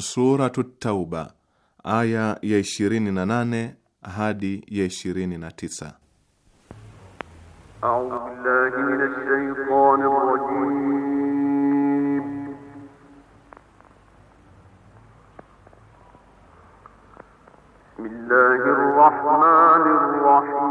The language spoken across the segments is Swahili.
Suratu Tauba aya ya ishirini na nane hadi ya ishirini A'udhu billahi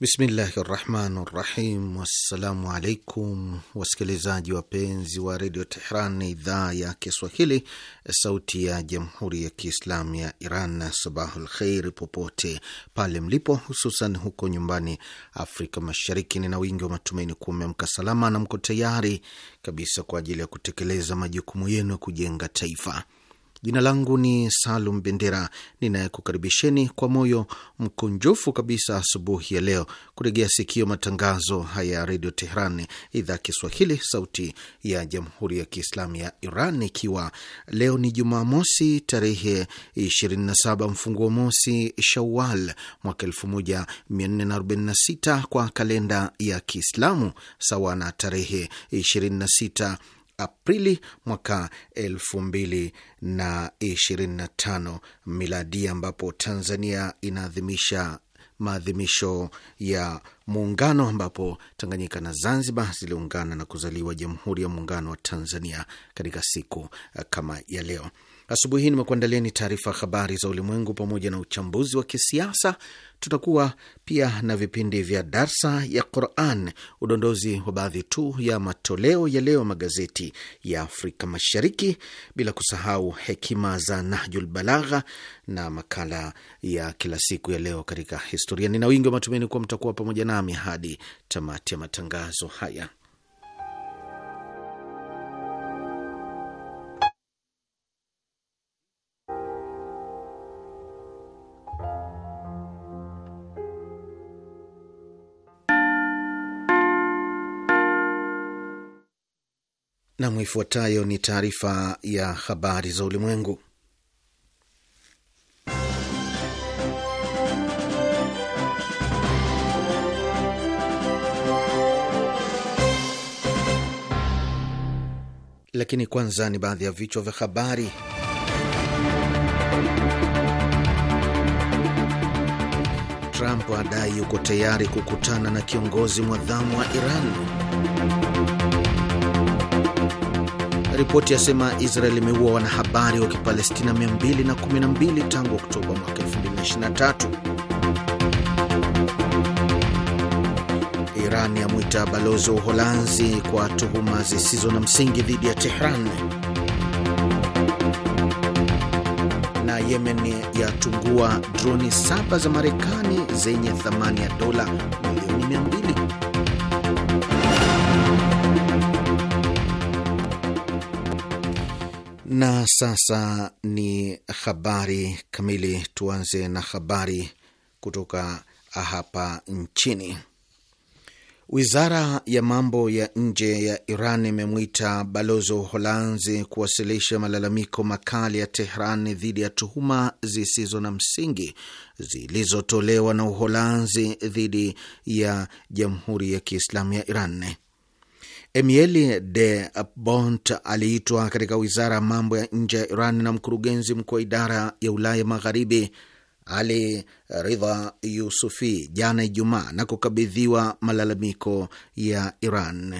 Bismillahi rahmani rahim. Wassalamu alaikum wasikilizaji wapenzi wa redio Tehran, idhaa ya Kiswahili, sauti ya jamhuri ya kiislamu ya Iran. na Sabahul kheiri popote pale mlipo, hususan huko nyumbani Afrika Mashariki. Nina wingi wa matumaini kuwa umeamka salama na mko tayari kabisa kwa ajili ya kutekeleza majukumu yenu ya kujenga taifa. Jina langu ni Salum Bendera, ninayekukaribisheni kwa moyo mkunjufu kabisa asubuhi ya leo kuregea sikio matangazo haya ya Redio Tehran, idhaa ya Kiswahili, sauti ya Jamhuri ya Kiislamu ya Iran, ikiwa leo ni Jumamosi tarehe 27 mfunguo mosi Shawal mwaka 1446 kwa kalenda ya Kiislamu, sawa na tarehe 26 Aprili mwaka elfu mbili na ishirini na tano miladi, ambapo Tanzania inaadhimisha maadhimisho ya Muungano, ambapo Tanganyika na Zanzibar ziliungana na kuzaliwa Jamhuri ya Muungano wa Tanzania katika siku kama ya leo. Asubuhi hii nimekuandalieni taarifa habari za ulimwengu pamoja na uchambuzi wa kisiasa. Tutakuwa pia na vipindi vya darsa ya Quran, udondozi wa baadhi tu ya matoleo ya leo magazeti ya Afrika Mashariki, bila kusahau hekima za Nahjul Balagha na makala ya kila siku ya leo katika historia. Nina wingi wa matumaini kuwa mtakuwa pamoja nami hadi tamati ya matangazo haya. ifuatayo ni taarifa ya habari za ulimwengu, lakini kwanza ni baadhi ya vichwa vya habari. Trump adai yuko tayari kukutana na kiongozi mwadhamu wa Iran. Ripoti yasema Israel imeua wanahabari wa Kipalestina 212 tangu Oktoba mwaka 2023. Iran yamwita balozi wa Uholanzi kwa tuhuma zisizo na msingi dhidi ya Tehran. Na Yemen yatungua droni saba za Marekani zenye thamani ya dola milioni 200. Na sasa ni habari kamili. Tuanze na habari kutoka hapa nchini. Wizara ya mambo ya nje ya Iran imemwita balozi wa Uholanzi kuwasilisha malalamiko makali ya Tehran dhidi ya tuhuma zisizo na msingi zilizotolewa na Uholanzi dhidi ya Jamhuri ya Kiislamu ya Iran. Emieli de Bont aliitwa katika wizara ya mambo ya nje ya Iran na mkurugenzi mkuu wa idara ya Ulaya Magharibi Ali Ridha Yusufi jana Ijumaa na kukabidhiwa malalamiko ya Iran.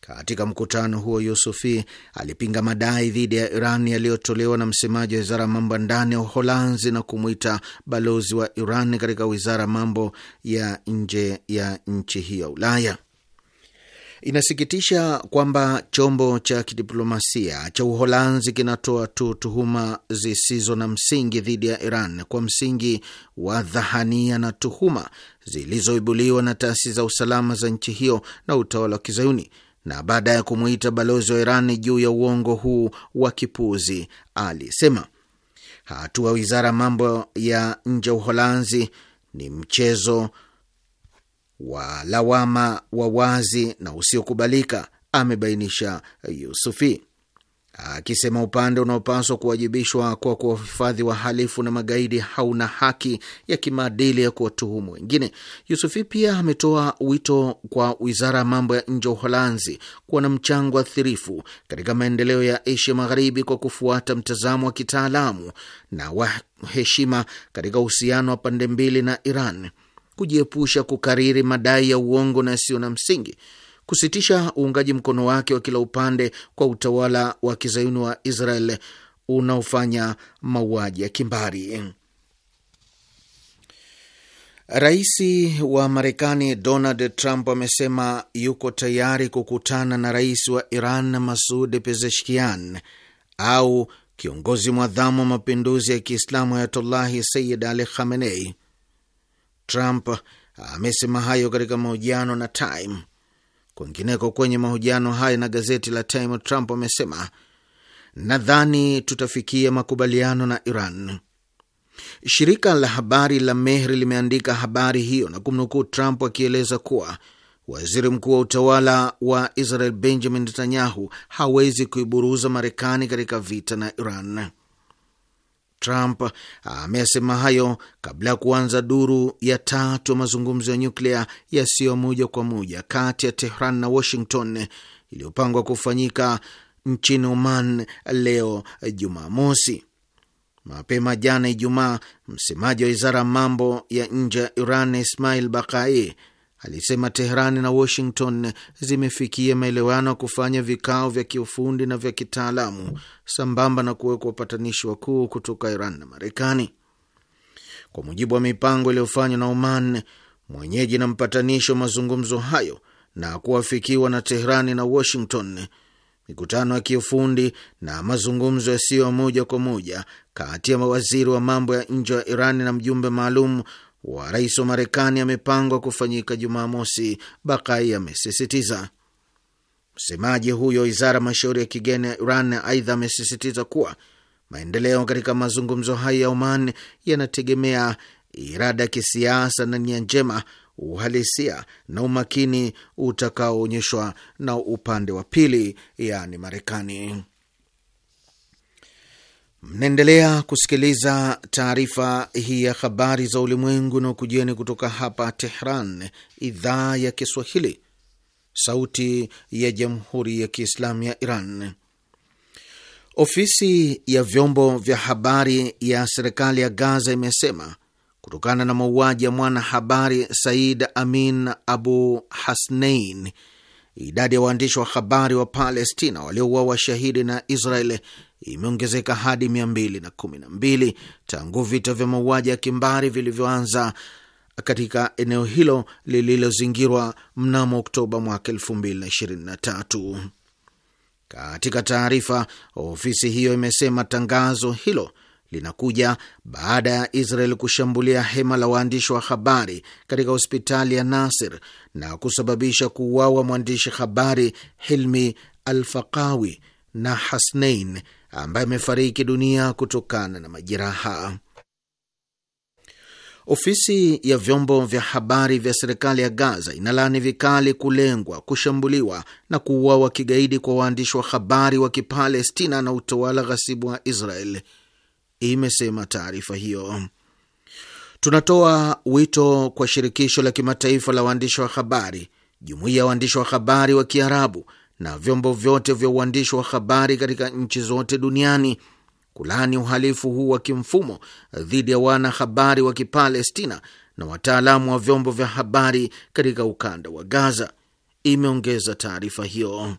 Katika mkutano huo Yusufi alipinga madai dhidi ya Iran yaliyotolewa na msemaji wa wizara ya mambo ya ndani ya Uholanzi na kumwita balozi wa Iran katika wizara ya mambo ya nje ya nchi hiyo ya Ulaya. Inasikitisha kwamba chombo cha kidiplomasia cha Uholanzi kinatoa tu tuhuma zisizo na msingi dhidi ya Iran kwa msingi wa dhahania na tuhuma zilizoibuliwa na taasisi za usalama za nchi hiyo na utawala wa Kizayuni, na baada ya kumwita balozi wa Iran juu ya uongo huu wa kipuzi, alisema hatua wizara mambo ya nje ya Uholanzi ni mchezo wa lawama wa wazi na usiokubalika, amebainisha Yusufi akisema upande unaopaswa kuwajibishwa kwa kuwahifadhi wahalifu na magaidi hauna haki ya kimaadili ya kuwatuhumu wengine. Yusufi pia ametoa wito kwa wizara ya mambo ya nje ya Uholanzi kuwa na mchango athirifu katika maendeleo ya Asia Magharibi kwa kufuata mtazamo wa kitaalamu na wa heshima katika uhusiano wa pande mbili na Iran kujiepusha kukariri madai ya uongo na yasiyo na msingi, kusitisha uungaji mkono wake wa kila upande kwa utawala wa kizayuni wa Israel unaofanya mauaji ya kimbari. Rais wa Marekani Donald Trump amesema yuko tayari kukutana na rais wa Iran Masud Pezeshkian au kiongozi mwadhamu wa mapinduzi ya Kiislamu Ayatollahi Sayyid Ali Khamenei Trump amesema hayo katika mahojiano na Time. Kwingineko, kwenye mahojiano hayo na gazeti la Time, Trump amesema nadhani tutafikia makubaliano na Iran. Shirika la habari la Mehri limeandika habari hiyo na kumnukuu Trump akieleza kuwa waziri mkuu wa utawala wa Israel Benjamin Netanyahu hawezi kuiburuza Marekani katika vita na Iran. Trump ah, amesema hayo kabla ya kuanza duru ya tatu ya mazungumzo ya nyuklia yasiyo moja kwa moja kati ya Tehran na Washington iliyopangwa kufanyika nchini Oman leo Jumamosi. Mapema jana Ijumaa, msemaji wa wizara ya mambo ya nje ya Iran Ismail Bakai alisema Teherani na Washington zimefikia maelewano ya kufanya vikao vya kiufundi na vya kitaalamu sambamba na kuwekwa wapatanishi wakuu kutoka Iran na Marekani kwa mujibu wa mipango iliyofanywa na Oman, mwenyeji na mpatanishi wa mazungumzo hayo na kuafikiwa na Teherani na Washington. Mikutano ya kiufundi na mazungumzo yasiyo ya moja kwa moja kati ya mawaziri wa mambo ya nje wa iran na mjumbe maalum wa rais wa Marekani amepangwa kufanyika Jumamosi, Bakai amesisitiza. Msemaji huyo wizara mashauri ya kigeni ya Iran aidha amesisitiza kuwa maendeleo katika mazungumzo hayo ya Oman yanategemea irada ya kisiasa na nia njema, uhalisia na umakini utakaoonyeshwa na upande wa pili, yaani Marekani. Mnaendelea kusikiliza taarifa hii ya habari za ulimwengu na ukujieni kutoka hapa Tehran, idhaa ya Kiswahili, sauti ya jamhuri ya kiislamu ya Iran. Ofisi ya vyombo vya habari ya serikali ya Gaza imesema kutokana na mauaji ya mwanahabari Said Amin Abu Hasnein, idadi ya waandishi wa habari wa Palestina waliouawa shahidi na Israel imeongezeka hadi 212 tangu vita vya mauaji ya kimbari vilivyoanza katika eneo hilo lililozingirwa mnamo Oktoba mwaka 2023. Katika taarifa, ofisi hiyo imesema tangazo hilo linakuja baada ya Israel kushambulia hema la waandishi wa habari katika hospitali ya Nasir na kusababisha kuuawa mwandishi habari Hilmi Alfaqawi na Hasnein ambaye amefariki dunia kutokana na majeraha. Ofisi ya vyombo vya habari vya serikali ya Gaza inalaani vikali kulengwa, kushambuliwa na kuuawa kigaidi kwa waandishi wa habari wa Kipalestina na utawala ghasibu wa Israel, imesema taarifa hiyo. Tunatoa wito kwa shirikisho la kimataifa la waandishi wa habari, jumuiya ya waandishi wa habari wa Kiarabu na vyombo vyote vya uandishi wa habari katika nchi zote duniani kulani uhalifu huu wa kimfumo dhidi ya wanahabari wa Kipalestina na wataalamu wa vyombo vya habari katika ukanda wa Gaza, imeongeza taarifa hiyo.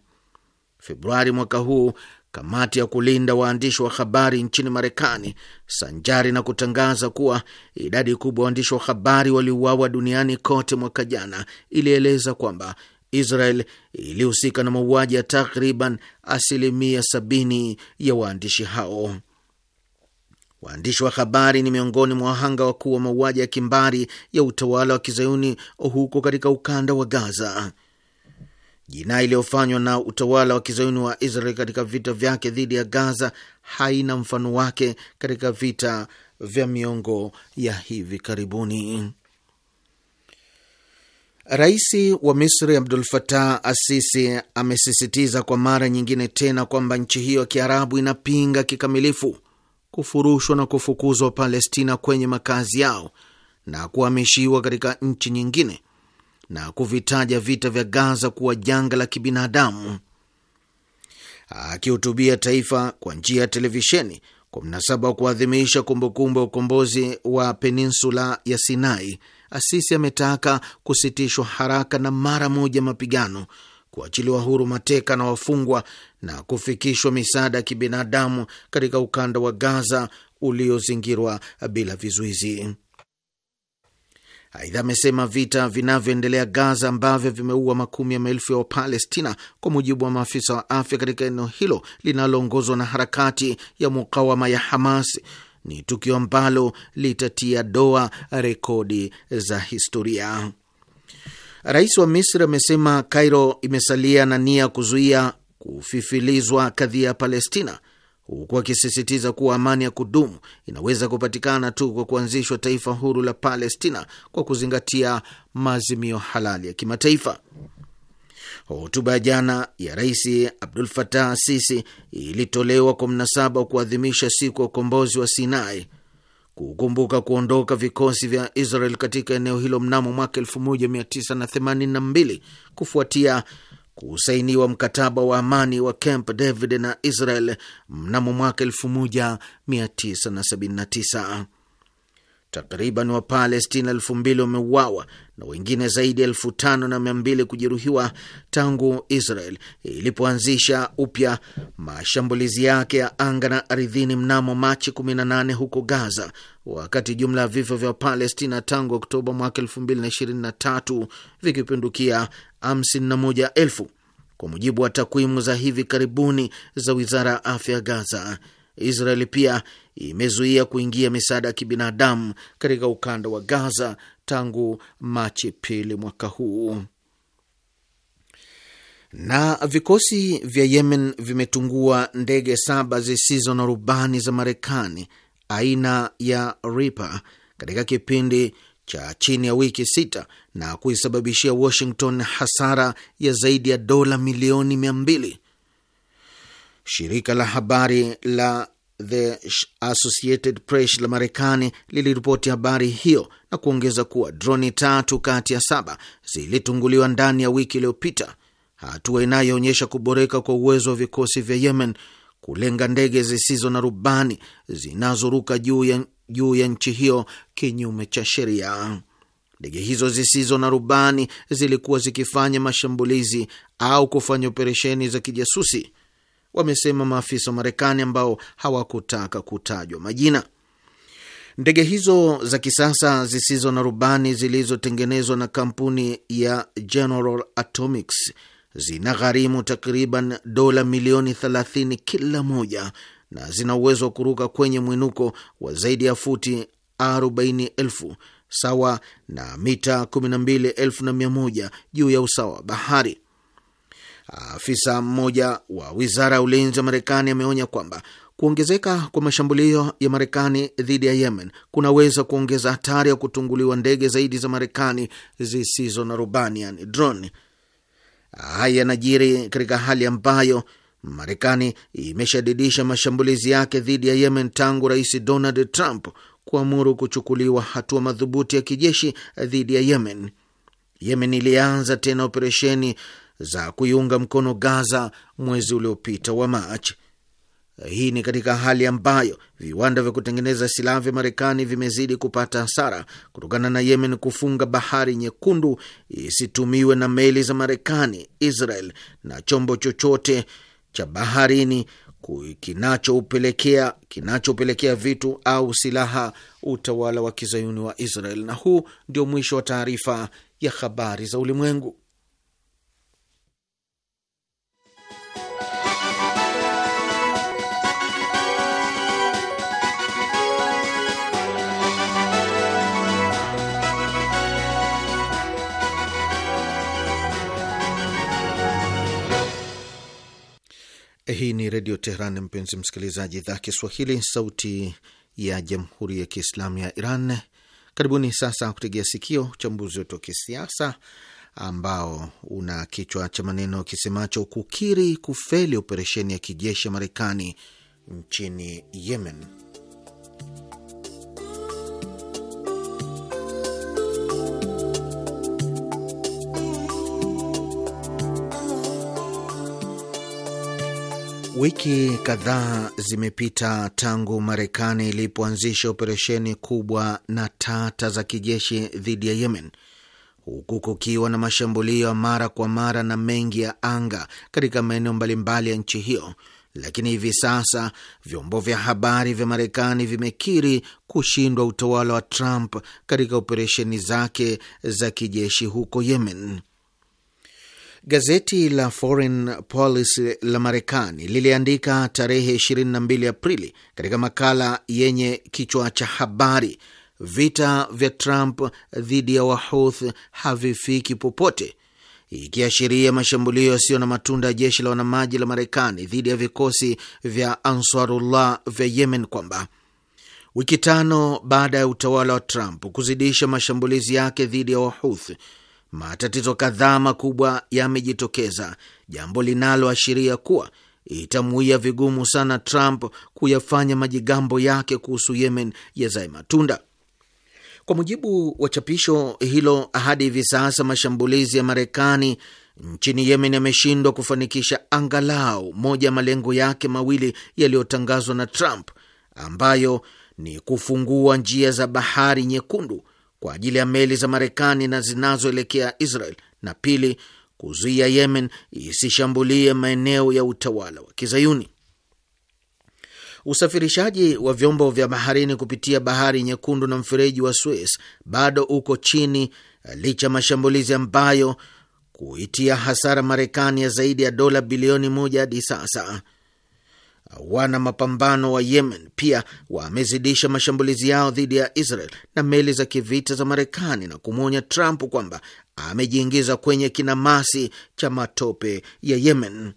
Februari mwaka huu kamati ya kulinda waandishi wa habari nchini Marekani, sanjari na kutangaza kuwa idadi kubwa waandishi wa habari waliuawa duniani kote mwaka jana, ilieleza kwamba Israel ilihusika na mauaji ya takriban asilimia sabini ya waandishi hao. Waandishi wa habari ni miongoni mwa wahanga wakuu wa mauaji ya kimbari ya utawala wa kizayuni huko katika ukanda wa Gaza. Jinai iliyofanywa na utawala wa kizayuni wa Israel katika vita vyake dhidi ya Gaza haina mfano wake katika vita vya miongo ya hivi karibuni. Rais wa Misri Abdul Fatah Asisi amesisitiza kwa mara nyingine tena kwamba nchi hiyo ya Kiarabu inapinga kikamilifu kufurushwa na kufukuzwa Palestina kwenye makazi yao na kuhamishiwa katika nchi nyingine na kuvitaja vita vya Gaza kuwa janga la kibinadamu. Akihutubia taifa kwa njia ya televisheni kwa mnasaba wa kuadhimisha kumbukumbu ya ukombozi wa peninsula ya Sinai, Asisi ametaka kusitishwa haraka na mara moja mapigano, kuachiliwa huru mateka na wafungwa na kufikishwa misaada ya kibinadamu katika ukanda wa Gaza uliozingirwa bila vizuizi. Aidha, amesema vita vinavyoendelea Gaza ambavyo vimeua makumi ya maelfu ya Wapalestina, kwa mujibu wa maafisa wa afya katika eneo hilo linaloongozwa na harakati ya mukawama ya Hamas ni tukio ambalo litatia doa rekodi za historia. Rais wa Misri amesema Kairo imesalia na nia kuzuia kufifilizwa kadhia ya Palestina, huku akisisitiza kuwa amani ya kudumu inaweza kupatikana tu kwa kuanzishwa taifa huru la Palestina kwa kuzingatia maazimio halali ya kimataifa. Hotuba ya jana ya Rais Abdul Fatah Sisi ilitolewa kwa mnasaba wa kuadhimisha siku ya ukombozi wa Sinai, kukumbuka kuondoka vikosi vya Israel katika eneo hilo mnamo mwaka 1982 kufuatia kusainiwa mkataba wa amani wa Camp David na Israel mnamo mwaka 1979. Takriban Wapalestina elfu mbili wameuawa na wengine zaidi ya elfu tano na mia mbili kujeruhiwa tangu Israel ilipoanzisha upya mashambulizi yake ya anga na ardhini mnamo Machi 18 huko Gaza, wakati jumla ya vifo vya Palestina tangu Oktoba mwaka 2023 vikipindukia 51 kwa mujibu wa takwimu za hivi karibuni za wizara ya afya Gaza. Israeli pia imezuia kuingia misaada ya kibinadamu katika ukanda wa Gaza tangu Machi pili mwaka huu. Na vikosi vya Yemen vimetungua ndege saba zisizo na rubani za Marekani aina ya Reaper katika kipindi cha chini ya wiki sita na kuisababishia Washington hasara ya zaidi ya dola milioni mia mbili. Shirika la habari la The Associated Press la Marekani liliripoti habari hiyo na kuongeza kuwa droni tatu kati ya saba zilitunguliwa ndani ya wiki iliyopita, hatua inayoonyesha kuboreka kwa uwezo wa vikosi vya Yemen kulenga ndege zisizo na rubani zinazoruka juu ya, juu ya nchi hiyo kinyume cha sheria. Ndege hizo zisizo na rubani zilikuwa zikifanya mashambulizi au kufanya operesheni za kijasusi wamesema maafisa wa Marekani ambao hawakutaka kutajwa majina. Ndege hizo za kisasa zisizo na rubani zilizotengenezwa na kampuni ya General Atomics zina gharimu takriban dola milioni 30 kila moja na zina uwezo wa kuruka kwenye mwinuko wa zaidi ya futi 40,000 sawa na mita 12,100 juu ya usawa wa bahari. Afisa mmoja wa wizara ya ulinzi wa Marekani ameonya kwamba kuongezeka kwa mashambulio ya Marekani dhidi ya Yemen kunaweza kuongeza hatari ya kutunguliwa ndege zaidi za Marekani zisizo na rubani, yani drone. Haya yanajiri katika hali ambayo Marekani imeshadidisha mashambulizi yake dhidi ya Yemen tangu Rais Donald Trump kuamuru kuchukuliwa hatua madhubuti ya kijeshi dhidi ya Yemen. Yemen ilianza tena operesheni za kuiunga mkono Gaza mwezi uliopita wa Machi. Hii ni katika hali ambayo viwanda vya kutengeneza silaha vya Marekani vimezidi kupata hasara kutokana na Yemen kufunga Bahari Nyekundu isitumiwe na meli za Marekani, Israel na chombo chochote cha baharini kinachopelekea kinachopelekea vitu au silaha utawala wa kizayuni wa Israel. Na huu ndio mwisho wa taarifa ya habari za ulimwengu. Hii ni Redio Tehran, mpenzi msikilizaji, idhaa Kiswahili, sauti ya jamhuri ya kiislamu ya Iran. Karibuni sasa kutegea sikio uchambuzi wetu wa kisiasa ambao una kichwa cha maneno kisemacho kukiri kufeli operesheni ya kijeshi ya Marekani nchini Yemen. Wiki kadhaa zimepita tangu Marekani ilipoanzisha operesheni kubwa na tata za kijeshi dhidi ya Yemen, huku kukiwa na mashambulio ya mara kwa mara na mengi ya anga katika maeneo mbalimbali ya nchi hiyo. Lakini hivi sasa vyombo vya habari vya Marekani vimekiri kushindwa utawala wa Trump katika operesheni zake za kijeshi huko Yemen. Gazeti la Foreign Policy la Marekani liliandika tarehe 22 Aprili katika makala yenye kichwa cha habari, vita vya Trump dhidi ya Wahuth havifiki popote, ikiashiria mashambulio yasiyo na matunda ya jeshi la wanamaji la Marekani dhidi ya vikosi vya Ansarullah vya Yemen, kwamba wiki tano baada ya utawala wa Trump kuzidisha mashambulizi yake dhidi ya Wahuth matatizo kadhaa makubwa yamejitokeza, jambo linaloashiria kuwa itamuia vigumu sana Trump kuyafanya majigambo yake kuhusu Yemen yazae matunda. Kwa mujibu wa chapisho hilo, hadi hivi sasa mashambulizi ya Marekani nchini Yemen yameshindwa kufanikisha angalau moja ya malengo yake mawili yaliyotangazwa na Trump, ambayo ni kufungua njia za Bahari Nyekundu kwa ajili ya meli za Marekani na zinazoelekea Israel, na pili, kuzuia Yemen isishambulie maeneo ya utawala wa Kizayuni. Usafirishaji wa vyombo vya baharini kupitia bahari nyekundu na mfereji wa Suez bado uko chini licha mashambulizi ambayo kuitia hasara Marekani ya zaidi ya dola bilioni moja hadi sasa wana mapambano wa Yemen pia wamezidisha mashambulizi yao dhidi ya Israel na meli za kivita za Marekani na kumwonya Trump kwamba amejiingiza kwenye kinamasi cha matope ya Yemen.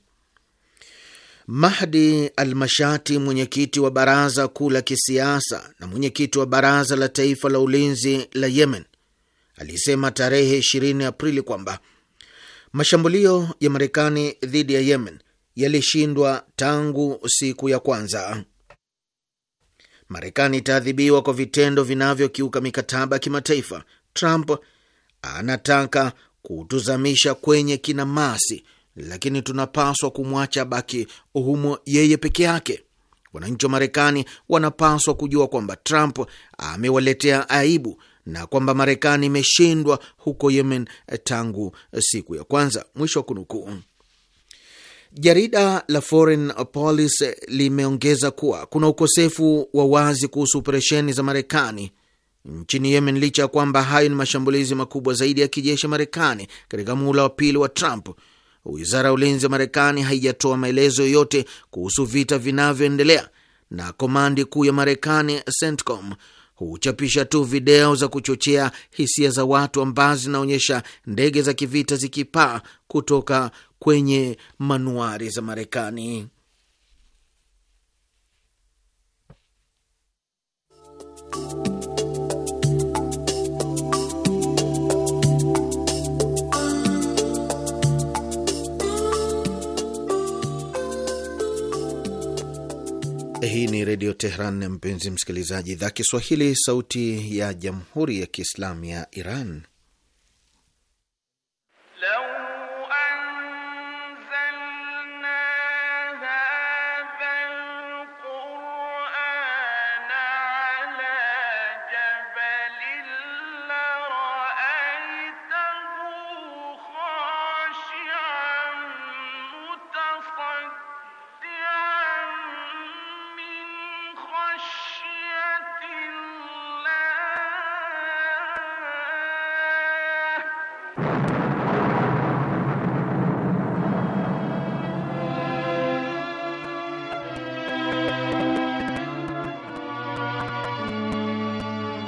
Mahdi al mashati mwenyekiti wa baraza kuu la kisiasa na mwenyekiti wa baraza la taifa la ulinzi la Yemen, alisema tarehe 20 Aprili kwamba mashambulio ya Marekani dhidi ya Yemen yalishindwa tangu siku ya kwanza. Marekani itaadhibiwa kwa vitendo vinavyokiuka mikataba ya kimataifa. Trump anataka kutuzamisha kwenye kinamasi, lakini tunapaswa kumwacha baki humo yeye peke yake. Wananchi wa Marekani wanapaswa kujua kwamba Trump amewaletea aibu na kwamba Marekani imeshindwa huko Yemen tangu siku ya kwanza. Mwisho wa kunukuu. Jarida la Foreign Policy limeongeza kuwa kuna ukosefu wa wazi kuhusu operesheni za Marekani nchini Yemen, licha ya kwamba hayo ni mashambulizi makubwa zaidi ya kijeshi Marekani katika muhula wa pili wa Trump. Wizara ya ulinzi ya Marekani haijatoa maelezo yoyote kuhusu vita vinavyoendelea, na komandi kuu ya Marekani, CENTCOM, huchapisha tu video za kuchochea hisia za watu ambazo zinaonyesha ndege za kivita zikipaa kutoka kwenye manuari za Marekani. Hii ni Redio Tehran, mpenzi msikilizaji, idhaa Kiswahili, sauti ya Jamhuri ya Kiislamu ya Iran.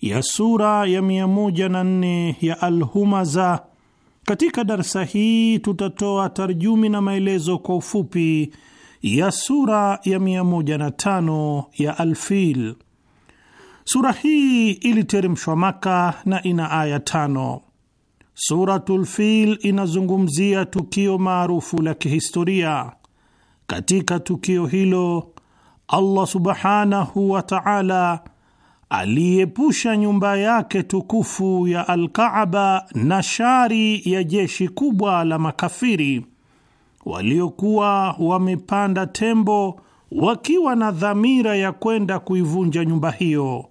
ya sura ya 104 ya Alhumaza. Katika darsa hii tutatoa tarjumi na maelezo kwa ufupi ya sura ya 105 ya Alfil. Sura hii iliteremshwa Maka na ina aya tano. Suratul Fil inazungumzia tukio maarufu la kihistoria. Katika tukio hilo, Allah subhanahu wa ta'ala aliepusha nyumba yake tukufu ya Alkaaba na shari ya jeshi kubwa la makafiri waliokuwa wamepanda tembo wakiwa na dhamira ya kwenda kuivunja nyumba hiyo,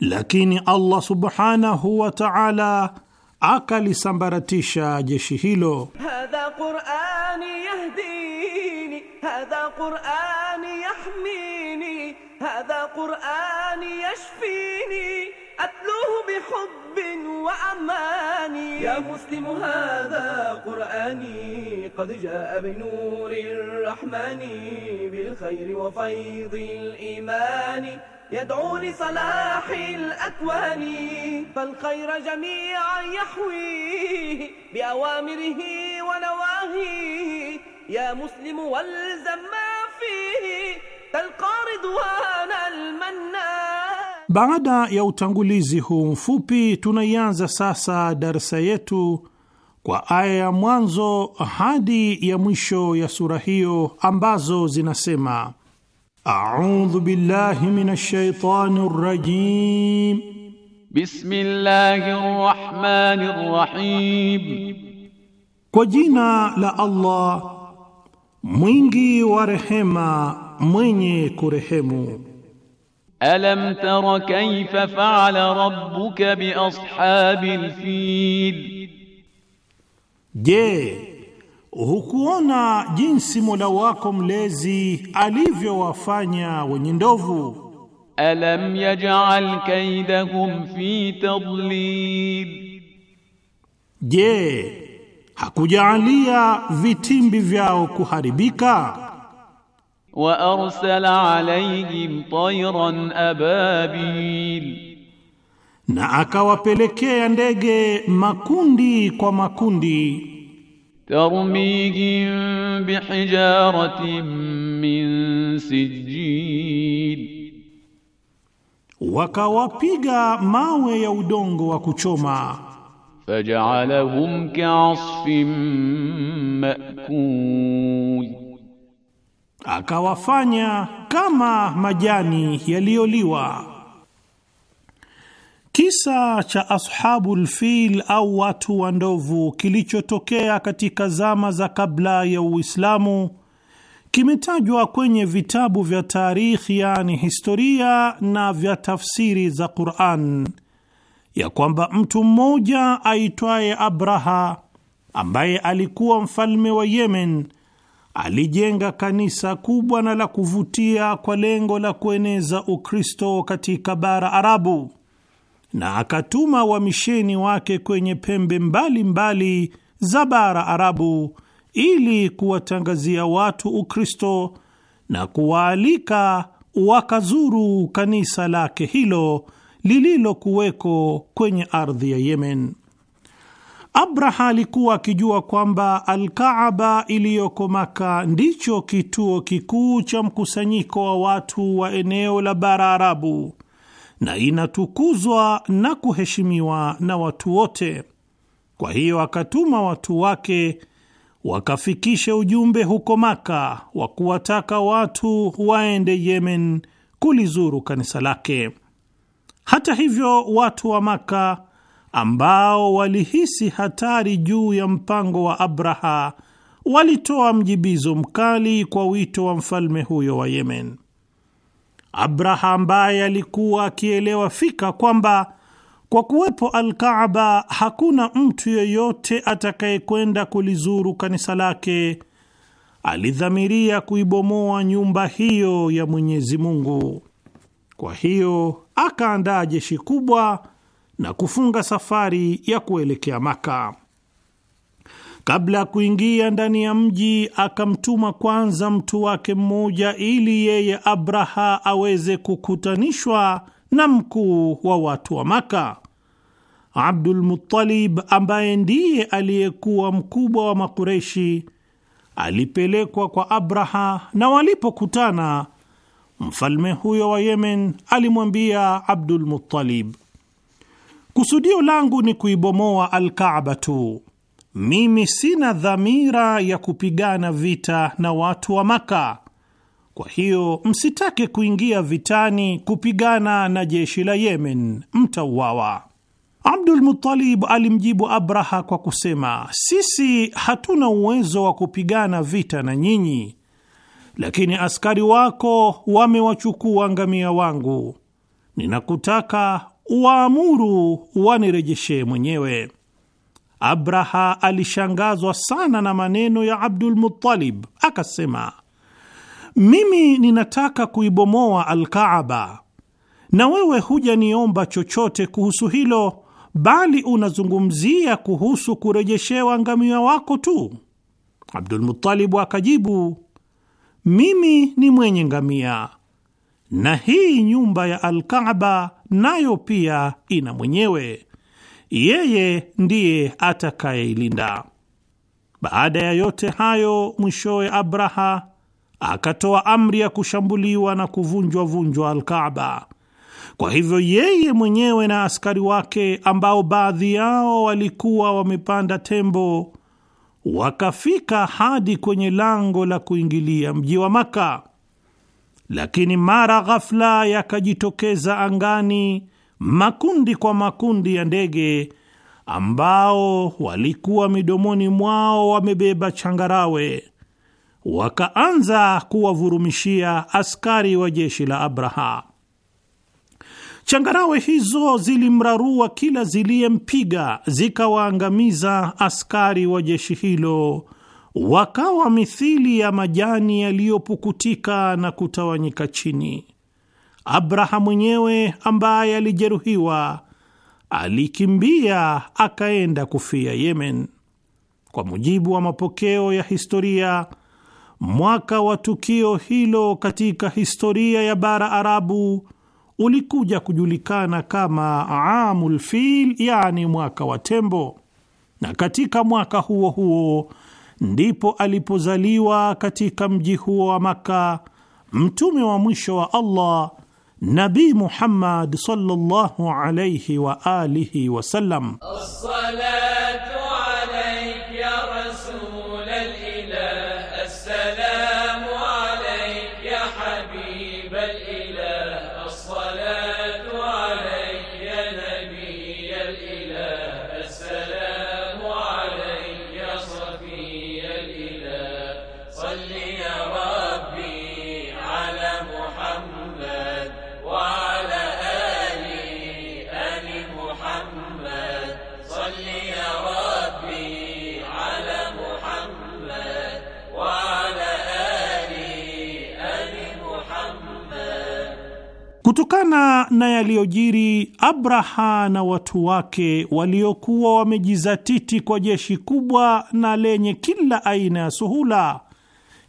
lakini Allah subhanahu wa ta'ala akalisambaratisha jeshi hilo. Hadha Qur'ani yahdini, hadha Qur'ani yahmini هذا قرآن يشفيني أتلوه بحب وأمان يا مسلم هذا قرآني قد جاء بنور الرحمن بالخير وفيض الإيمان يدعو لصلاح الأكوان فالخير جميعا يحويه بأوامره ونواهيه يا مسلم والزم ما فيه Baada ya utangulizi huu mfupi, tunaianza sasa darsa yetu kwa aya ya mwanzo hadi ya mwisho ya sura hiyo ambazo zinasema: audhu billahi minash rajim, rahim, kwa jina la Allah mwingi wa rehema mwenye kurehemu. Alam tara kayfa fa'ala rabbuka bi ashabil fil, je, hukuona jinsi Mola wako mlezi alivyowafanya wenye ndovu. Alam yaj'al kaydahum fi tadlil, je, hakujaalia vitimbi vyao kuharibika. وأرسل عليهم طيرا أبابيل na akawapelekea ndege makundi kwa makundi tarmihim bihijaratin min sijil wakawapiga mawe ya udongo wa kuchoma faj'alahum ka'asfin ma'kul akawafanya kama majani yaliyoliwa. Kisa cha ashabu lfil au watu wa ndovu kilichotokea katika zama za kabla ya Uislamu kimetajwa kwenye vitabu vya tarikhi, yani historia na vya tafsiri za Qur'an, ya kwamba mtu mmoja aitwaye Abraha ambaye alikuwa mfalme wa Yemen alijenga kanisa kubwa na la kuvutia kwa lengo la kueneza Ukristo katika bara Arabu na akatuma wamisheni wake kwenye pembe mbalimbali mbali za bara Arabu ili kuwatangazia watu Ukristo na kuwaalika wakazuru kanisa lake hilo lililokuweko kwenye ardhi ya Yemen. Abraha alikuwa akijua kwamba Alkaaba iliyoko Maka ndicho kituo kikuu cha mkusanyiko wa watu wa eneo la bara Arabu na inatukuzwa na kuheshimiwa na watu wote. Kwa hiyo akatuma watu wake wakafikishe ujumbe huko Maka wa kuwataka watu waende Yemen kulizuru kanisa lake. Hata hivyo, watu wa Maka ambao walihisi hatari juu ya mpango wa Abraha walitoa mjibizo mkali kwa wito wa mfalme huyo wa Yemen. Abraha ambaye alikuwa akielewa fika kwamba kwa kuwepo Alkaaba hakuna mtu yeyote atakayekwenda kulizuru kanisa lake, alidhamiria kuibomoa nyumba hiyo ya Mwenyezi Mungu. Kwa hiyo akaandaa jeshi kubwa na kufunga safari ya kuelekea Maka. Kabla ya kuingia ndani ya mji, akamtuma kwanza mtu wake mmoja ili yeye Abraha aweze kukutanishwa na mkuu wa watu wa Maka, Abdul Muttalib, ambaye ndiye aliyekuwa mkubwa wa Makureshi. Alipelekwa kwa Abraha na walipokutana, mfalme huyo wa Yemen alimwambia Abdul Muttalib, Kusudio langu ni kuibomoa Alkaaba tu. Mimi sina dhamira ya kupigana vita na watu wa Maka. Kwa hiyo msitake kuingia vitani kupigana na jeshi la Yemen, mtauawa. Abdul Muttalib alimjibu Abraha kwa kusema, sisi hatuna uwezo wa kupigana vita na nyinyi, lakini askari wako wamewachukua ngamia wangu. Ninakutaka waamuru wanirejeshee mwenyewe. Abraha alishangazwa sana na maneno ya Abdul Muttalib, akasema mimi ninataka kuibomoa Alkaaba na wewe hujaniomba chochote kuhusu hilo, bali unazungumzia kuhusu kurejeshewa ngamia wako tu. Abdul akajibu, mimi ni mwenye ngamia na hii nyumba ya Alkaaba nayo pia ina mwenyewe, yeye ndiye atakayeilinda. Baada ya yote hayo, mwishowe Abraha akatoa amri ya kushambuliwa na kuvunjwa vunjwa Alkaaba. Kwa hivyo yeye mwenyewe na askari wake ambao baadhi yao walikuwa wamepanda tembo wakafika hadi kwenye lango la kuingilia mji wa Maka lakini mara ghafla yakajitokeza angani makundi kwa makundi ya ndege ambao walikuwa midomoni mwao wamebeba changarawe, wakaanza kuwavurumishia askari wa jeshi la Abraha. Changarawe hizo zilimrarua kila ziliyempiga, zikawaangamiza askari wa jeshi hilo wakawa mithili ya majani yaliyopukutika na kutawanyika chini. Abraha mwenyewe ambaye alijeruhiwa alikimbia akaenda kufia Yemen. Kwa mujibu wa mapokeo ya historia, mwaka wa tukio hilo katika historia ya bara Arabu ulikuja kujulikana kama Amul Fil, yani mwaka wa tembo, na katika mwaka huo huo ndipo alipozaliwa katika mji huo wa makka mtume wa mwisho wa Allah Nabi Muhammad sallallahu alayhi wa alihi wasallam. As-salat Kutokana na yaliyojiri, Abraha na watu wake waliokuwa wamejizatiti kwa jeshi kubwa na lenye kila aina ya suhula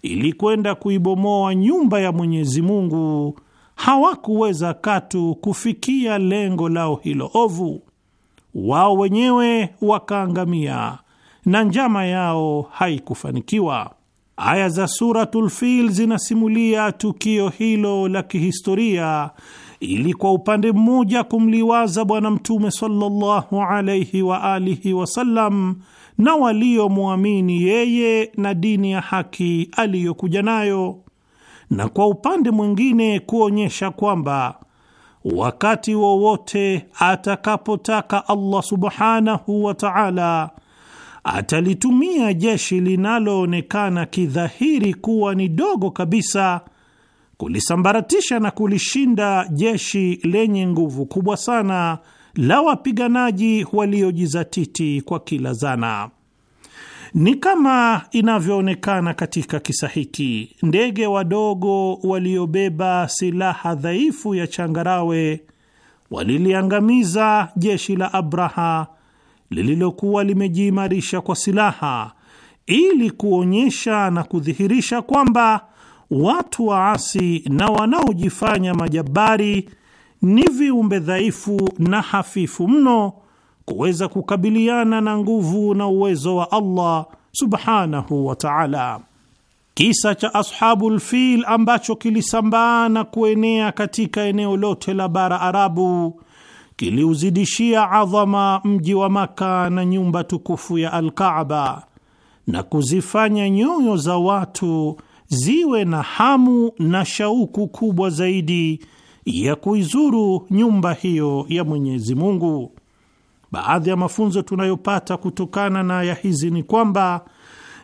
ili kwenda kuibomoa nyumba ya Mwenyezi Mungu hawakuweza katu kufikia lengo lao hilo ovu. Wao wenyewe wakaangamia na njama yao haikufanikiwa. Aya za Suratul Fil zinasimulia tukio hilo la kihistoria ili kwa upande mmoja kumliwaza Bwana Mtume sallallahu alaihi wa alihi wasallam na waliomwamini yeye na dini ya haki aliyokuja nayo, na kwa upande mwingine kuonyesha kwamba wakati wowote atakapotaka Allah subhanahu wa ta'ala atalitumia jeshi linaloonekana kidhahiri kuwa ni dogo kabisa kulisambaratisha na kulishinda jeshi lenye nguvu kubwa sana la wapiganaji waliojizatiti kwa kila zana. Ni kama inavyoonekana katika kisa hiki, ndege wadogo waliobeba silaha dhaifu ya changarawe waliliangamiza jeshi la Abraha lililokuwa limejiimarisha kwa silaha ili kuonyesha na kudhihirisha kwamba watu waasi na wanaojifanya majabari ni viumbe dhaifu na hafifu mno kuweza kukabiliana na nguvu na uwezo wa Allah subhanahu wa ta'ala. Kisa cha ashabul fil ambacho kilisambaa na kuenea katika eneo lote la bara Arabu kiliuzidishia adhama mji wa Maka na nyumba tukufu ya Alkaaba na kuzifanya nyoyo za watu ziwe na hamu na shauku kubwa zaidi ya kuizuru nyumba hiyo ya Mwenyezi Mungu. Baadhi ya mafunzo tunayopata kutokana na aya hizi ni kwamba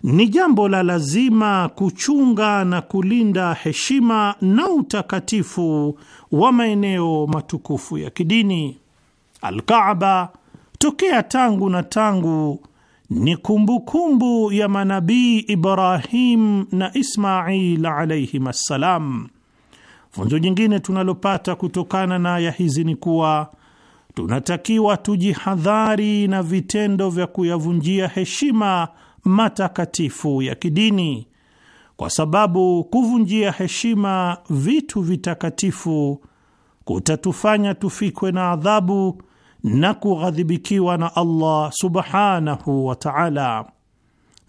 ni jambo la lazima kuchunga na kulinda heshima na utakatifu wa maeneo matukufu ya kidini. Alkaaba tokea tangu na tangu ni kumbukumbu kumbu ya manabii Ibrahim na Ismail alayhim assalam. Funzo jingine tunalopata kutokana na aya hizi ni kuwa tunatakiwa tujihadhari na vitendo vya kuyavunjia heshima matakatifu ya kidini, kwa sababu kuvunjia heshima vitu vitakatifu kutatufanya tufikwe na adhabu na kughadhibikiwa na Allah subhanahu wa ta'ala.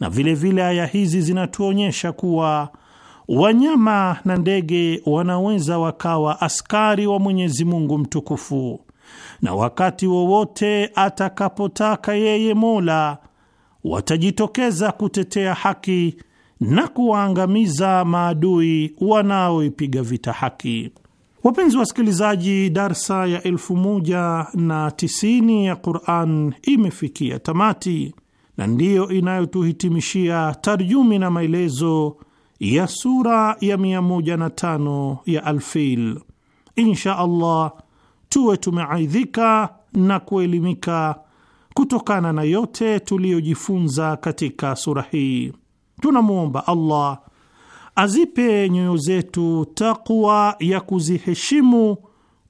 Na vilevile aya hizi zinatuonyesha kuwa wanyama na ndege wanaweza wakawa askari wa Mwenyezi Mungu mtukufu, na wakati wowote atakapotaka yeye Mola watajitokeza kutetea haki na kuwaangamiza maadui wanaoipiga vita haki. Wapenzi wasikilizaji, darsa ya elfu moja na tisini ya Quran imefikia tamati na ndiyo inayotuhitimishia tarjumi na maelezo ya sura ya tano ya Alfil. Insha Allah tuwe tumeaidhika na kuelimika kutokana na yote tuliyojifunza katika sura hii. Tunamwomba Allah azipe nyoyo zetu takwa ya kuziheshimu,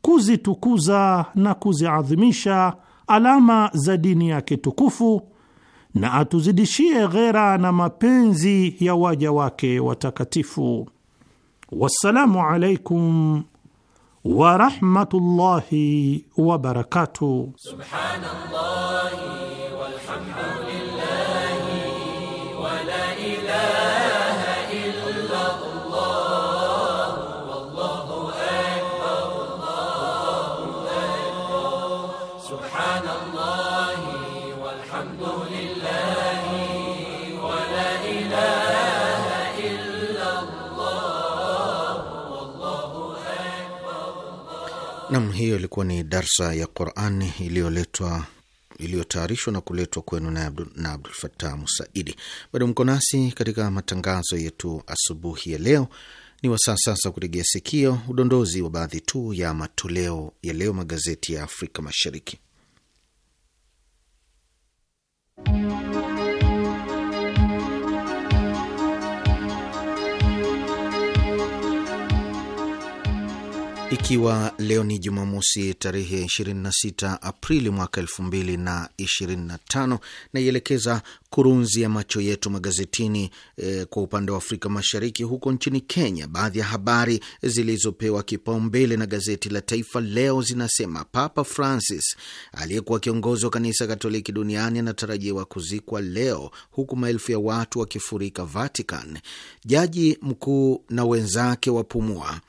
kuzitukuza na kuziadhimisha alama za dini yake tukufu, na atuzidishie ghera na mapenzi ya waja wake watakatifu. Wassalamu alaikum warahmatullahi wabarakatuh. Subhanallah. Nam, hiyo ilikuwa ni darsa ya Quran iliyoletwa iliyotayarishwa na kuletwa kwenu na Abdul, na Abdul Musaidi. Bado mko nasi katika matangazo yetu asubuhi ya leo. Ni wasaa sasa kutegea sikio udondozi wa baadhi tu ya matoleo ya leo magazeti ya Afrika Mashariki. ikiwa leo ni Jumamosi tarehe 26 Aprili mwaka 2025 naielekeza kurunzi ya macho yetu magazetini e, kwa upande wa Afrika Mashariki. Huko nchini Kenya, baadhi ya habari zilizopewa kipaumbele na gazeti la Taifa Leo zinasema Papa Francis aliyekuwa kiongozi wa kanisa Katoliki duniani anatarajiwa kuzikwa leo, huku maelfu ya watu wakifurika Vatican. Jaji mkuu na wenzake wapumua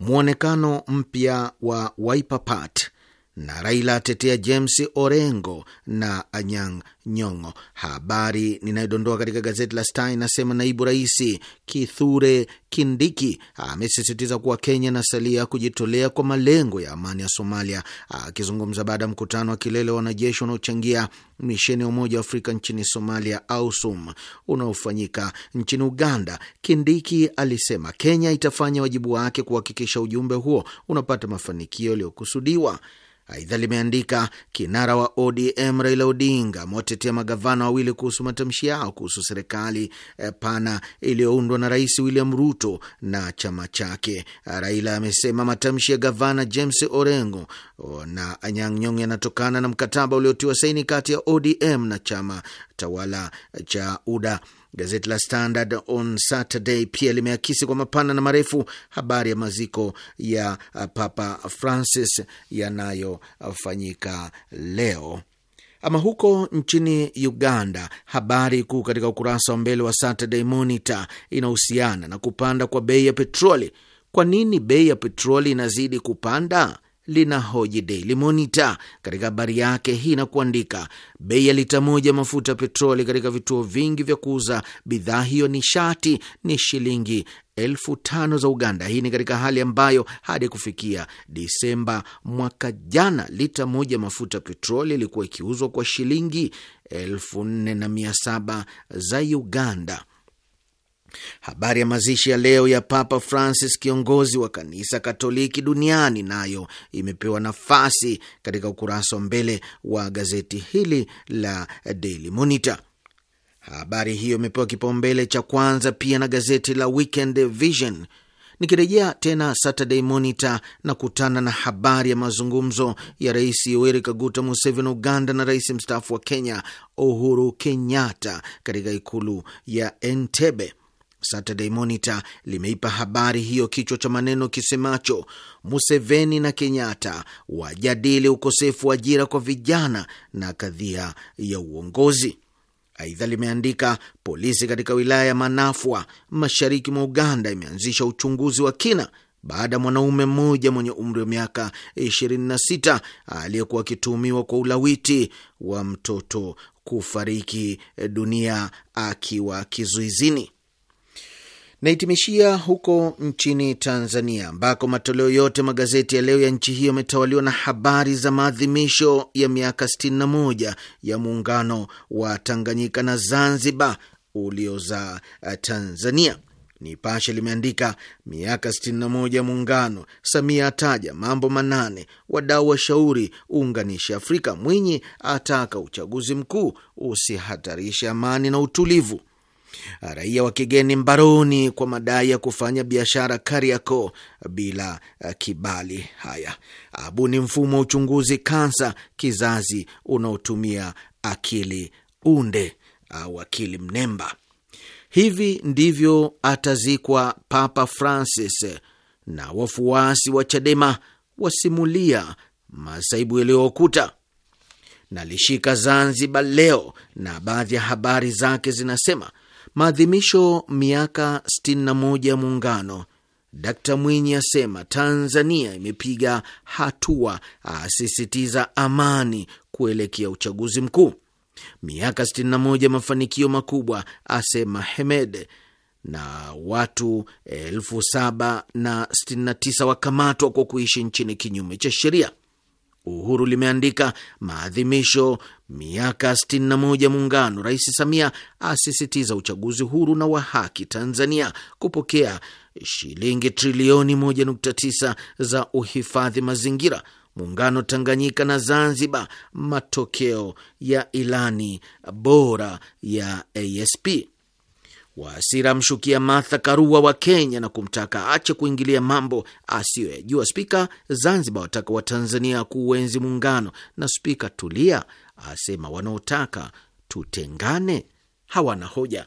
mwonekano mpya wa Wiper Part na Raila atetea James Orengo na Anyang' Nyong'o. Habari ninayodondoa katika gazeti la Star inasema naibu rais Kithure Kindiki amesisitiza kuwa Kenya inasalia kujitolea kwa malengo ya amani ya Somalia. Akizungumza baada ya mkutano wa kilele wa wanajeshi wanaochangia misheni ya Umoja wa Afrika nchini Somalia, AUSUM, unaofanyika nchini Uganda, Kindiki alisema Kenya itafanya wajibu wake kuhakikisha ujumbe huo unapata mafanikio yaliyokusudiwa. Aidha limeandika kinara wa ODM Raila Odinga amewatetea magavana wawili kuhusu matamshi yao kuhusu serikali eh, pana iliyoundwa na Rais William Ruto na chama chake. Raila amesema matamshi ya gavana James Orengo oh, na Anyang' nyong yanatokana na mkataba uliotiwa saini kati ya ODM na chama tawala cha UDA. Gazeti la Standard on Saturday pia limeakisi kwa mapana na marefu habari ya maziko ya uh, Papa Francis yanayofanyika leo. Ama huko nchini Uganda, habari kuu katika ukurasa wa mbele wa Saturday Monitor inahusiana na kupanda kwa bei ya petroli. Kwa nini bei ya petroli inazidi kupanda? linahoji Daily Monitor katika habari yake hii na kuandika, bei ya lita moja mafuta ya petroli katika vituo vingi vya kuuza bidhaa hiyo nishati ni shilingi elfu tano za Uganda. Hii ni katika hali ambayo hadi kufikia Disemba mwaka jana lita moja mafuta petroli ilikuwa ikiuzwa kwa shilingi elfu nne na mia saba za Uganda Habari ya mazishi ya leo ya Papa Francis, kiongozi wa kanisa Katoliki duniani, nayo imepewa nafasi katika ukurasa wa mbele wa gazeti hili la Daily Monitor. Habari hiyo imepewa kipaumbele cha kwanza pia na gazeti la Weekend Vision. Nikirejea tena Saturday Monitor na kutana na habari ya mazungumzo ya Rais Yoweri Kaguta Museveni Uganda na rais mstaafu wa Kenya Uhuru Kenyatta katika ikulu ya Entebbe. Saturday Monitor limeipa habari hiyo kichwa cha maneno kisemacho Museveni na Kenyatta wajadili ukosefu wa ajira kwa vijana na kadhia ya uongozi. Aidha limeandika polisi katika wilaya ya Manafwa mashariki mwa Uganda imeanzisha uchunguzi wa kina baada ya mwanaume mmoja mwenye umri wa miaka 26 aliyekuwa akituhumiwa kwa ulawiti wa mtoto kufariki dunia akiwa kizuizini. Nahitimishia huko nchini Tanzania, ambako matoleo yote magazeti ya leo ya nchi hiyo yametawaliwa na habari za maadhimisho ya miaka 61 ya muungano wa Tanganyika na Zanzibar uliozaa eh, Tanzania. Nipashe limeandika miaka 61 ya muungano, Samia ataja mambo manane, wadau washauri uunganishi Afrika, Mwinyi ataka uchaguzi mkuu usihatarishe amani na utulivu raia wa kigeni mbaroni kwa madai ya kufanya biashara Kariakoo bila eh, kibali. Haya, abu ni mfumo wa uchunguzi kansa kizazi unaotumia akili unde au akili mnemba. Hivi ndivyo atazikwa Papa Francis, na wafuasi wa Chadema wasimulia masaibu yaliyookuta nalishika Zanzibar leo na baadhi ya habari zake zinasema Maadhimisho miaka 61 ya Muungano. Dkt Mwinyi asema Tanzania imepiga hatua, asisitiza amani kuelekea uchaguzi mkuu. Miaka 61 mafanikio makubwa, asema Hemed. Na watu 7069 wakamatwa kwa kuishi nchini kinyume cha sheria. Uhuru limeandika maadhimisho miaka 61 muungano, Rais Samia asisitiza uchaguzi huru na wa haki. Tanzania kupokea shilingi trilioni 1.9 za uhifadhi mazingira. Muungano Tanganyika na Zanzibar, matokeo ya ilani bora ya ASP. Wasira amshukia Martha Karua wa Kenya na kumtaka ache kuingilia mambo asiyoyajua. Spika Zanzibar wataka Watanzania kuuenzi muungano, na Spika Tulia asema wanaotaka tutengane hawana hoja.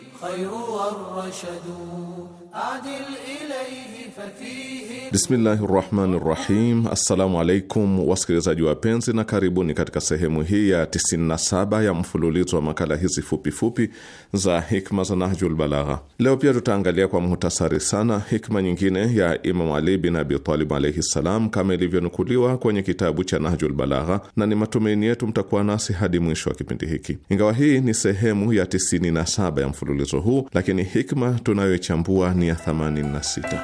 الخير والرشد أعدل إليه ففيه Bismillahi rahmani rahim. Assalamu alaikum wasikilizaji wapenzi, na karibuni katika sehemu hii ya 97 ya mfululizo wa makala hizi fupifupi za hikma za Nahjul Balagha. Leo pia tutaangalia kwa muhtasari sana hikma nyingine ya Imam Ali bin Abi Talib alaihi ssalam, kama ilivyonukuliwa kwenye kitabu cha Nahjul Balagha, na ni matumaini yetu mtakuwa nasi hadi mwisho wa kipindi hiki, ingawa hii ni sehemu ya 97 ya mfululizo mchezo huu, lakini hikma tunayoichambua ni ya 86.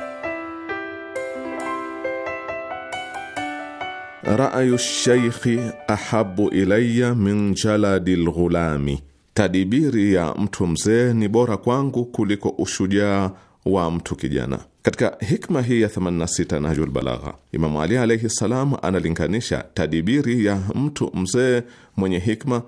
Rayu sheikhi ahabu ilaya min jaladi lghulami, tadibiri ya mtu mzee ni bora kwangu kuliko ushujaa wa mtu kijana. Katika hikma hii ya 86 Nahjul Balagha, Imamu Ali alaihi ssalam analinganisha tadibiri ya mtu mzee mwenye hikma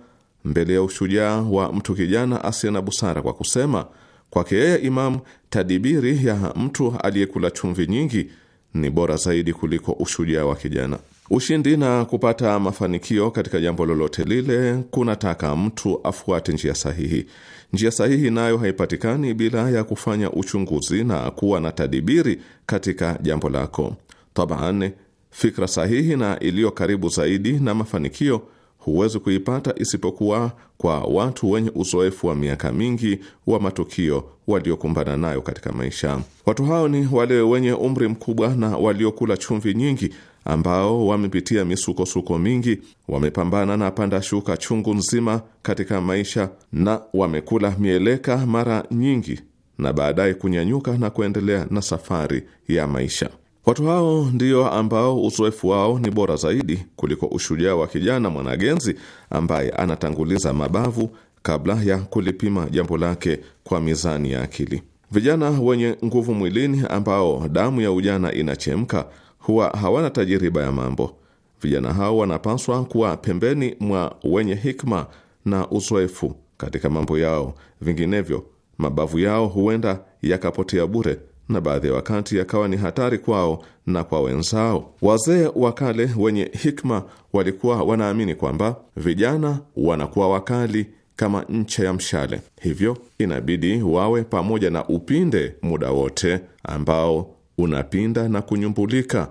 mbele ya ushujaa wa mtu kijana asiye na busara kwa kusema, kwake yeye Imamu, tadibiri ya mtu aliyekula chumvi nyingi ni bora zaidi kuliko ushujaa wa kijana. Ushindi na kupata mafanikio katika jambo lolote lile kunataka mtu afuate njia sahihi. Njia sahihi nayo haipatikani bila ya kufanya uchunguzi na kuwa na tadibiri katika jambo lako. Tabaan, fikra sahihi na iliyo karibu zaidi na mafanikio huwezi kuipata isipokuwa kwa watu wenye uzoefu wa miaka mingi wa matukio waliokumbana nayo katika maisha. Watu hao ni wale wenye umri mkubwa na waliokula chumvi nyingi, ambao wamepitia misukosuko mingi, wamepambana na panda shuka chungu nzima katika maisha, na wamekula mieleka mara nyingi, na baadaye kunyanyuka na kuendelea na safari ya maisha. Watu hao ndio ambao uzoefu wao ni bora zaidi kuliko ushujaa wa kijana mwanagenzi ambaye anatanguliza mabavu kabla ya kulipima jambo lake kwa mizani ya akili. Vijana wenye nguvu mwilini ambao damu ya ujana inachemka huwa hawana tajiriba ya mambo. Vijana hao wanapaswa kuwa pembeni mwa wenye hikma na uzoefu katika mambo yao, vinginevyo mabavu yao huenda yakapotea bure na baadhi ya wakati yakawa ni hatari kwao na kwa wenzao. Wazee wa kale wenye hikma walikuwa wanaamini kwamba vijana wanakuwa wakali kama ncha ya mshale, hivyo inabidi wawe pamoja na upinde muda wote ambao unapinda na kunyumbulika,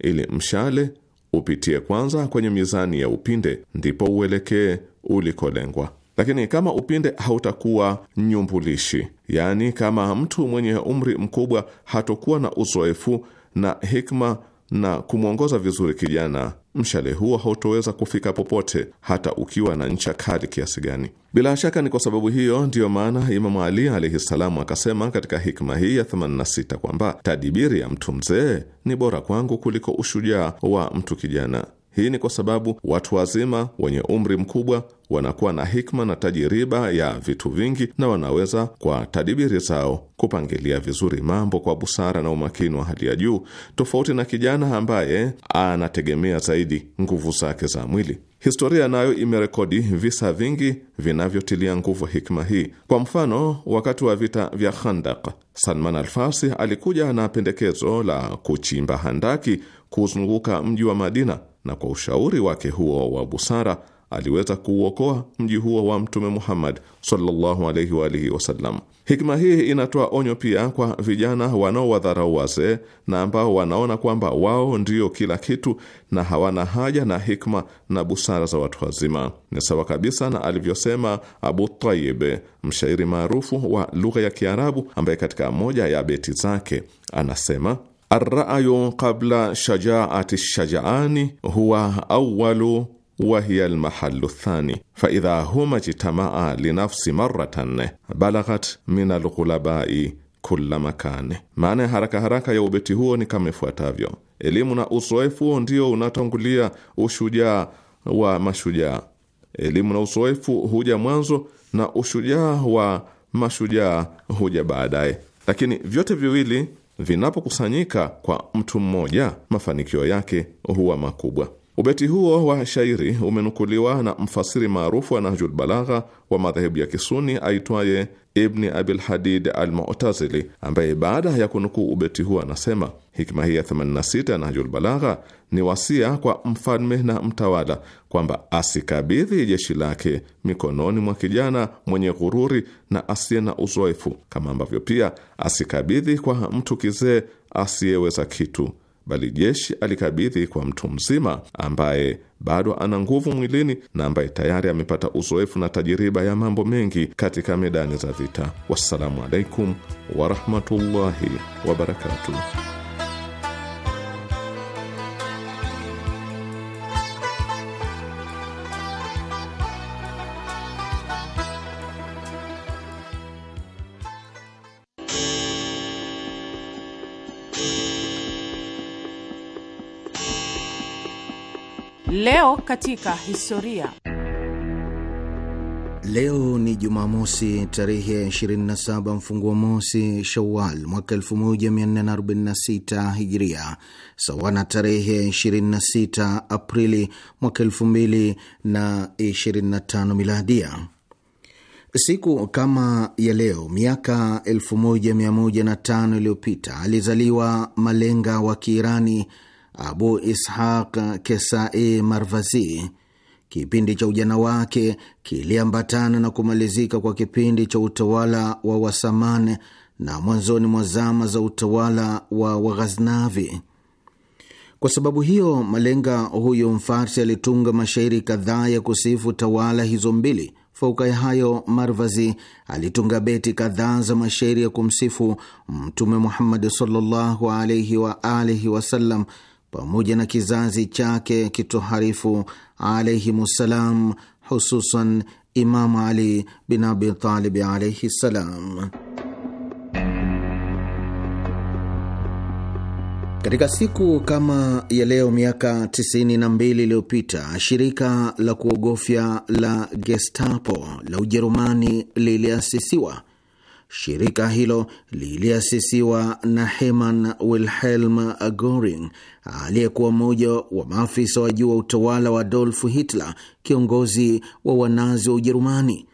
ili mshale upitie kwanza kwenye mizani ya upinde, ndipo uelekee ulikolengwa. Lakini kama upinde hautakuwa nyumbulishi, yaani kama mtu mwenye umri mkubwa hatokuwa na uzoefu na hikma na kumwongoza vizuri kijana, mshale huo hautoweza kufika popote, hata ukiwa na ncha kali kiasi gani. Bila shaka ni kwa sababu hiyo ndiyo maana Imamu Ali alaihi ssalamu akasema katika hikma hii ya 86 kwamba tadibiri ya mtu mzee ni bora kwangu kuliko ushujaa wa mtu kijana. Hii ni kwa sababu watu wazima wenye umri mkubwa wanakuwa na hikma na tajiriba ya vitu vingi na wanaweza kwa tadibiri zao kupangilia vizuri mambo kwa busara na umakini wa hali ya juu, tofauti na kijana ambaye anategemea zaidi nguvu zake za mwili. Historia nayo imerekodi visa vingi vinavyotilia nguvu hikma hii. Kwa mfano, wakati wa vita vya Khandak, Salman Alfarsi alikuja na pendekezo la kuchimba handaki kuzunguka mji wa Madina na kwa ushauri wake huo wa busara aliweza kuuokoa mji huo wa Mtume Muhammad sallallahu alaihi wa alihi wasallam. Hikma hii inatoa onyo pia kwa vijana wanaowadharau wazee na ambao wanaona kwamba wao ndio kila kitu na hawana haja na hikma na busara za watu wazima. Ni sawa kabisa na alivyosema Abu Tayyib, mshairi maarufu wa lugha ya Kiarabu, ambaye katika moja ya beti zake anasema Arrayu qabla shajaati shajaani huwa awalu wa hiya almahalu thani faidha huma jitamaa linafsi maratan balaghat min alghulabai kulla makane. Maana ya haraka haraka ya ubeti huo ni kama ifuatavyo: elimu na uzoefu ndio unatangulia ushujaa wa mashujaa, elimu na uzoefu huja mwanzo na ushujaa wa mashujaa huja baadaye, lakini vyote viwili vinapokusanyika kwa mtu mmoja, mafanikio yake huwa makubwa. Ubeti huo wa shairi umenukuliwa na mfasiri maarufu wa Nahjul Balagha wa madhehebu ya Kisuni aitwaye Ibni Abil Hadid Al Mu'tazili, ambaye baada ya kunukuu ubeti huo anasema Hikma hii ya 86 Nahjul Balagha ni wasia kwa mfalme na mtawala kwamba asikabidhi jeshi lake mikononi mwa kijana mwenye ghururi na asiye na uzoefu, kama ambavyo pia asikabidhi kwa mtu kizee asiyeweza kitu, bali jeshi alikabidhi kwa mtu mzima ambaye bado ana nguvu mwilini na ambaye tayari amepata uzoefu na tajiriba ya mambo mengi katika medani za vita. Wassalamu alaikum warahmatullahi wabarakatuh. Leo katika historia. Leo ni Jumamosi tarehe 27 mfunguo mosi Shawal mwaka 1446 Hijria, sawa na tarehe 26 Aprili mwaka 2025 Miladia. Siku kama ya leo miaka 1105 iliyopita alizaliwa malenga wa Kiirani Abu Ishaq Kesai Marvazi. Kipindi cha ujana wake kiliambatana na kumalizika kwa kipindi cha utawala wa Wasaman na mwanzoni mwa zama za utawala wa Waghaznavi. Kwa sababu hiyo, malenga huyo Mfarsi alitunga mashairi kadhaa ya kusifu tawala hizo mbili. Fauka ya hayo, Marvazi alitunga beti kadhaa za mashairi ya kumsifu Mtume Muhammadi sallallahu alaihi wa alihi wasallam pamoja na kizazi chake kitoharifu alaihimussalam, hususan Imamu Ali bin Abitalib alaihi ssalam. Katika siku kama ya leo miaka 92 iliyopita shirika la kuogofya la Gestapo la Ujerumani liliasisiwa. Shirika hilo liliasisiwa na heman Wilhelm Goring aliyekuwa mmoja wa maafisa wa juu wa utawala wa Adolf Hitler, kiongozi wa wanazi wa Ujerumani.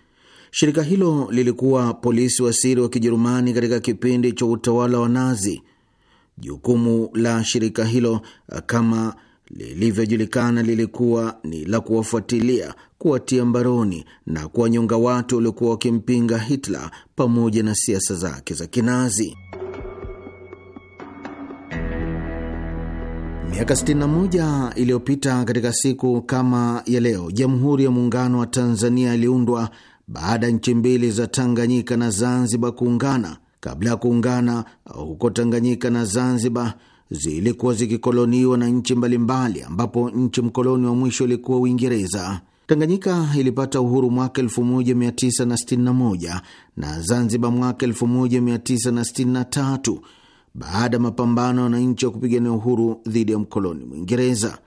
Shirika hilo lilikuwa polisi wa siri wa Kijerumani katika kipindi cha utawala wa Nazi. Jukumu la shirika hilo kama lilivyojulikana lilikuwa ni la kuwafuatilia kuwatia mbaroni na kuwanyonga watu waliokuwa wakimpinga Hitler pamoja na siasa zake za Kinazi. Miaka 61 iliyopita katika siku kama ya leo, Jamhuri ya Muungano wa Tanzania iliundwa baada ya nchi mbili za Tanganyika na Zanzibar kuungana. Kabla ya kuungana huko, Tanganyika na Zanzibar zilikuwa zikikoloniwa na nchi mbalimbali, ambapo nchi mkoloni wa mwisho ilikuwa Uingereza. Tanganyika ilipata uhuru mwaka 1961 na Zanzibar mwaka 1963 baada ya mapambano ya wananchi wa kupigania uhuru dhidi ya mkoloni Mwingereza.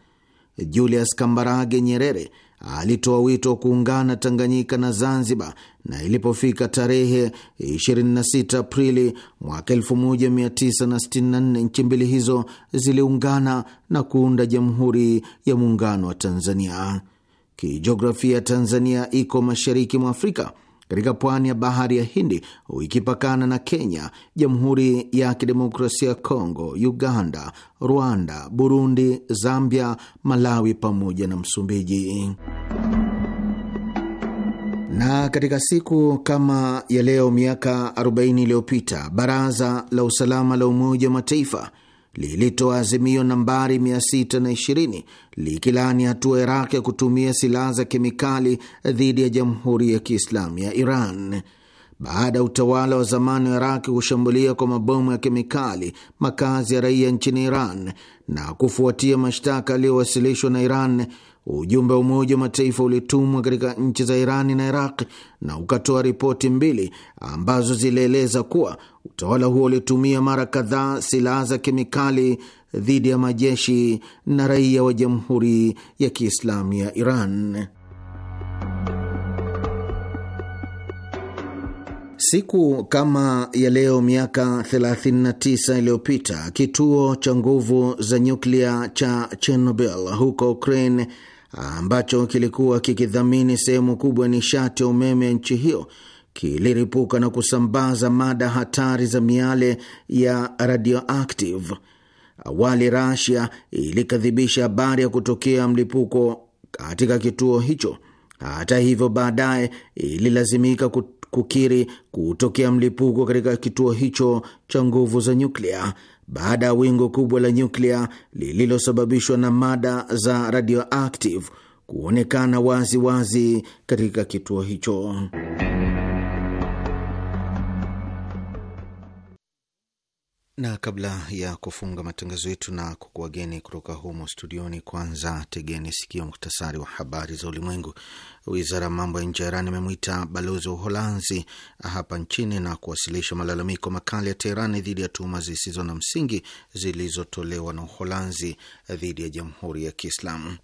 Julius Kambarage Nyerere alitoa wito wa kuungana Tanganyika na Zanzibar, na ilipofika tarehe 26 Aprili mwaka 1964 nchi mbili hizo ziliungana na kuunda Jamhuri ya Muungano wa Tanzania. Kijiografia ya Tanzania iko mashariki mwa Afrika katika pwani ya bahari ya Hindi ikipakana na Kenya, Jamhuri ya Kidemokrasia ya Kongo, Uganda, Rwanda, Burundi, Zambia, Malawi pamoja na Msumbiji. Na katika siku kama ya leo miaka 40 iliyopita baraza la usalama la Umoja wa Mataifa lilitoa azimio nambari 620 likilaani hatua Iraq ya kutumia silaha za kemikali dhidi ya Jamhuri ya Kiislamu ya Iran baada ya utawala wa zamani wa Iraq kushambulia kwa mabomu ya kemikali makazi ya raia nchini Iran na kufuatia mashtaka yaliyowasilishwa na Iran Ujumbe wa Umoja wa Mataifa ulitumwa katika nchi za Irani na Iraq na ukatoa ripoti mbili ambazo zilieleza kuwa utawala huo ulitumia mara kadhaa silaha za kemikali dhidi ya majeshi na raia wa Jamhuri ya Kiislamu ya Iran. Siku kama ya leo miaka 39 iliyopita kituo cha nguvu za nyuklia cha Chernobyl huko Ukraine ambacho kilikuwa kikidhamini sehemu kubwa ya nishati ya umeme ya nchi hiyo kiliripuka na kusambaza mada hatari za miale ya radioactive. Awali Russia ilikadhibisha habari ya kutokea mlipuko katika kituo hicho. Hata hivyo, baadaye ililazimika kukiri kutokea mlipuko katika kituo hicho cha nguvu za nyuklia baada ya wingu kubwa la nyuklia lililosababishwa na mada za radioactive kuonekana wazi wazi katika kituo hicho. na kabla ya kufunga matangazo yetu na kukuwageni kutoka humo studioni, kwanza tegeni sikio muhtasari wa habari za ulimwengu. Wizara ya mambo ya nje ya Iran imemwita balozi wa Uholanzi hapa nchini na kuwasilisha malalamiko makali ya Teheran dhidi ya tuhuma zisizo na msingi zilizotolewa na Uholanzi dhidi ya Jamhuri ya Kiislamu.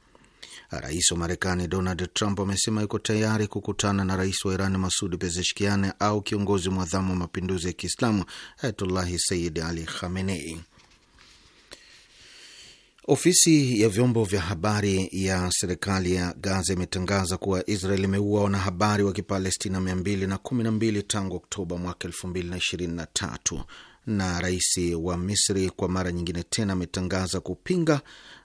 Rais wa Marekani Donald Trump amesema yuko tayari kukutana na rais wa Iran Masud Pezeshkian au kiongozi mwadhamu wa mapinduzi ya Kiislamu Ayatullahi Sayyid Ali Khamenei. Ofisi ya vyombo vya habari ya serikali ya Gaza imetangaza kuwa Israel imeua wanahabari wa Kipalestina mia mbili na kumi na mbili tangu Oktoba mwaka elfu na ishirini na tatu na rais wa Misri kwa mara nyingine tena ametangaza kupinga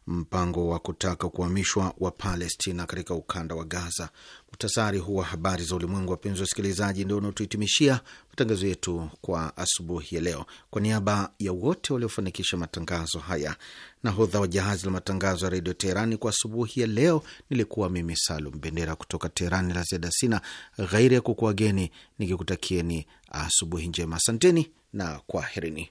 mpango wa kutaka kuhamishwa wa Palestina katika ukanda wa Gaza. Muhtasari huu wa habari za ulimwengu, wapenzi wasikilizaji, ndio unaotuhitimishia matangazo yetu kwa asubuhi ya leo. Kwa niaba ya wote waliofanikisha matangazo haya, nahodha wa jahazi la matangazo ya redio Teherani kwa asubuhi ya leo nilikuwa mimi Salum Bendera kutoka Teherani. La ziada sina ghairi ya kukuageni nikikutakieni Asubuhi njema, asanteni na kwaherini.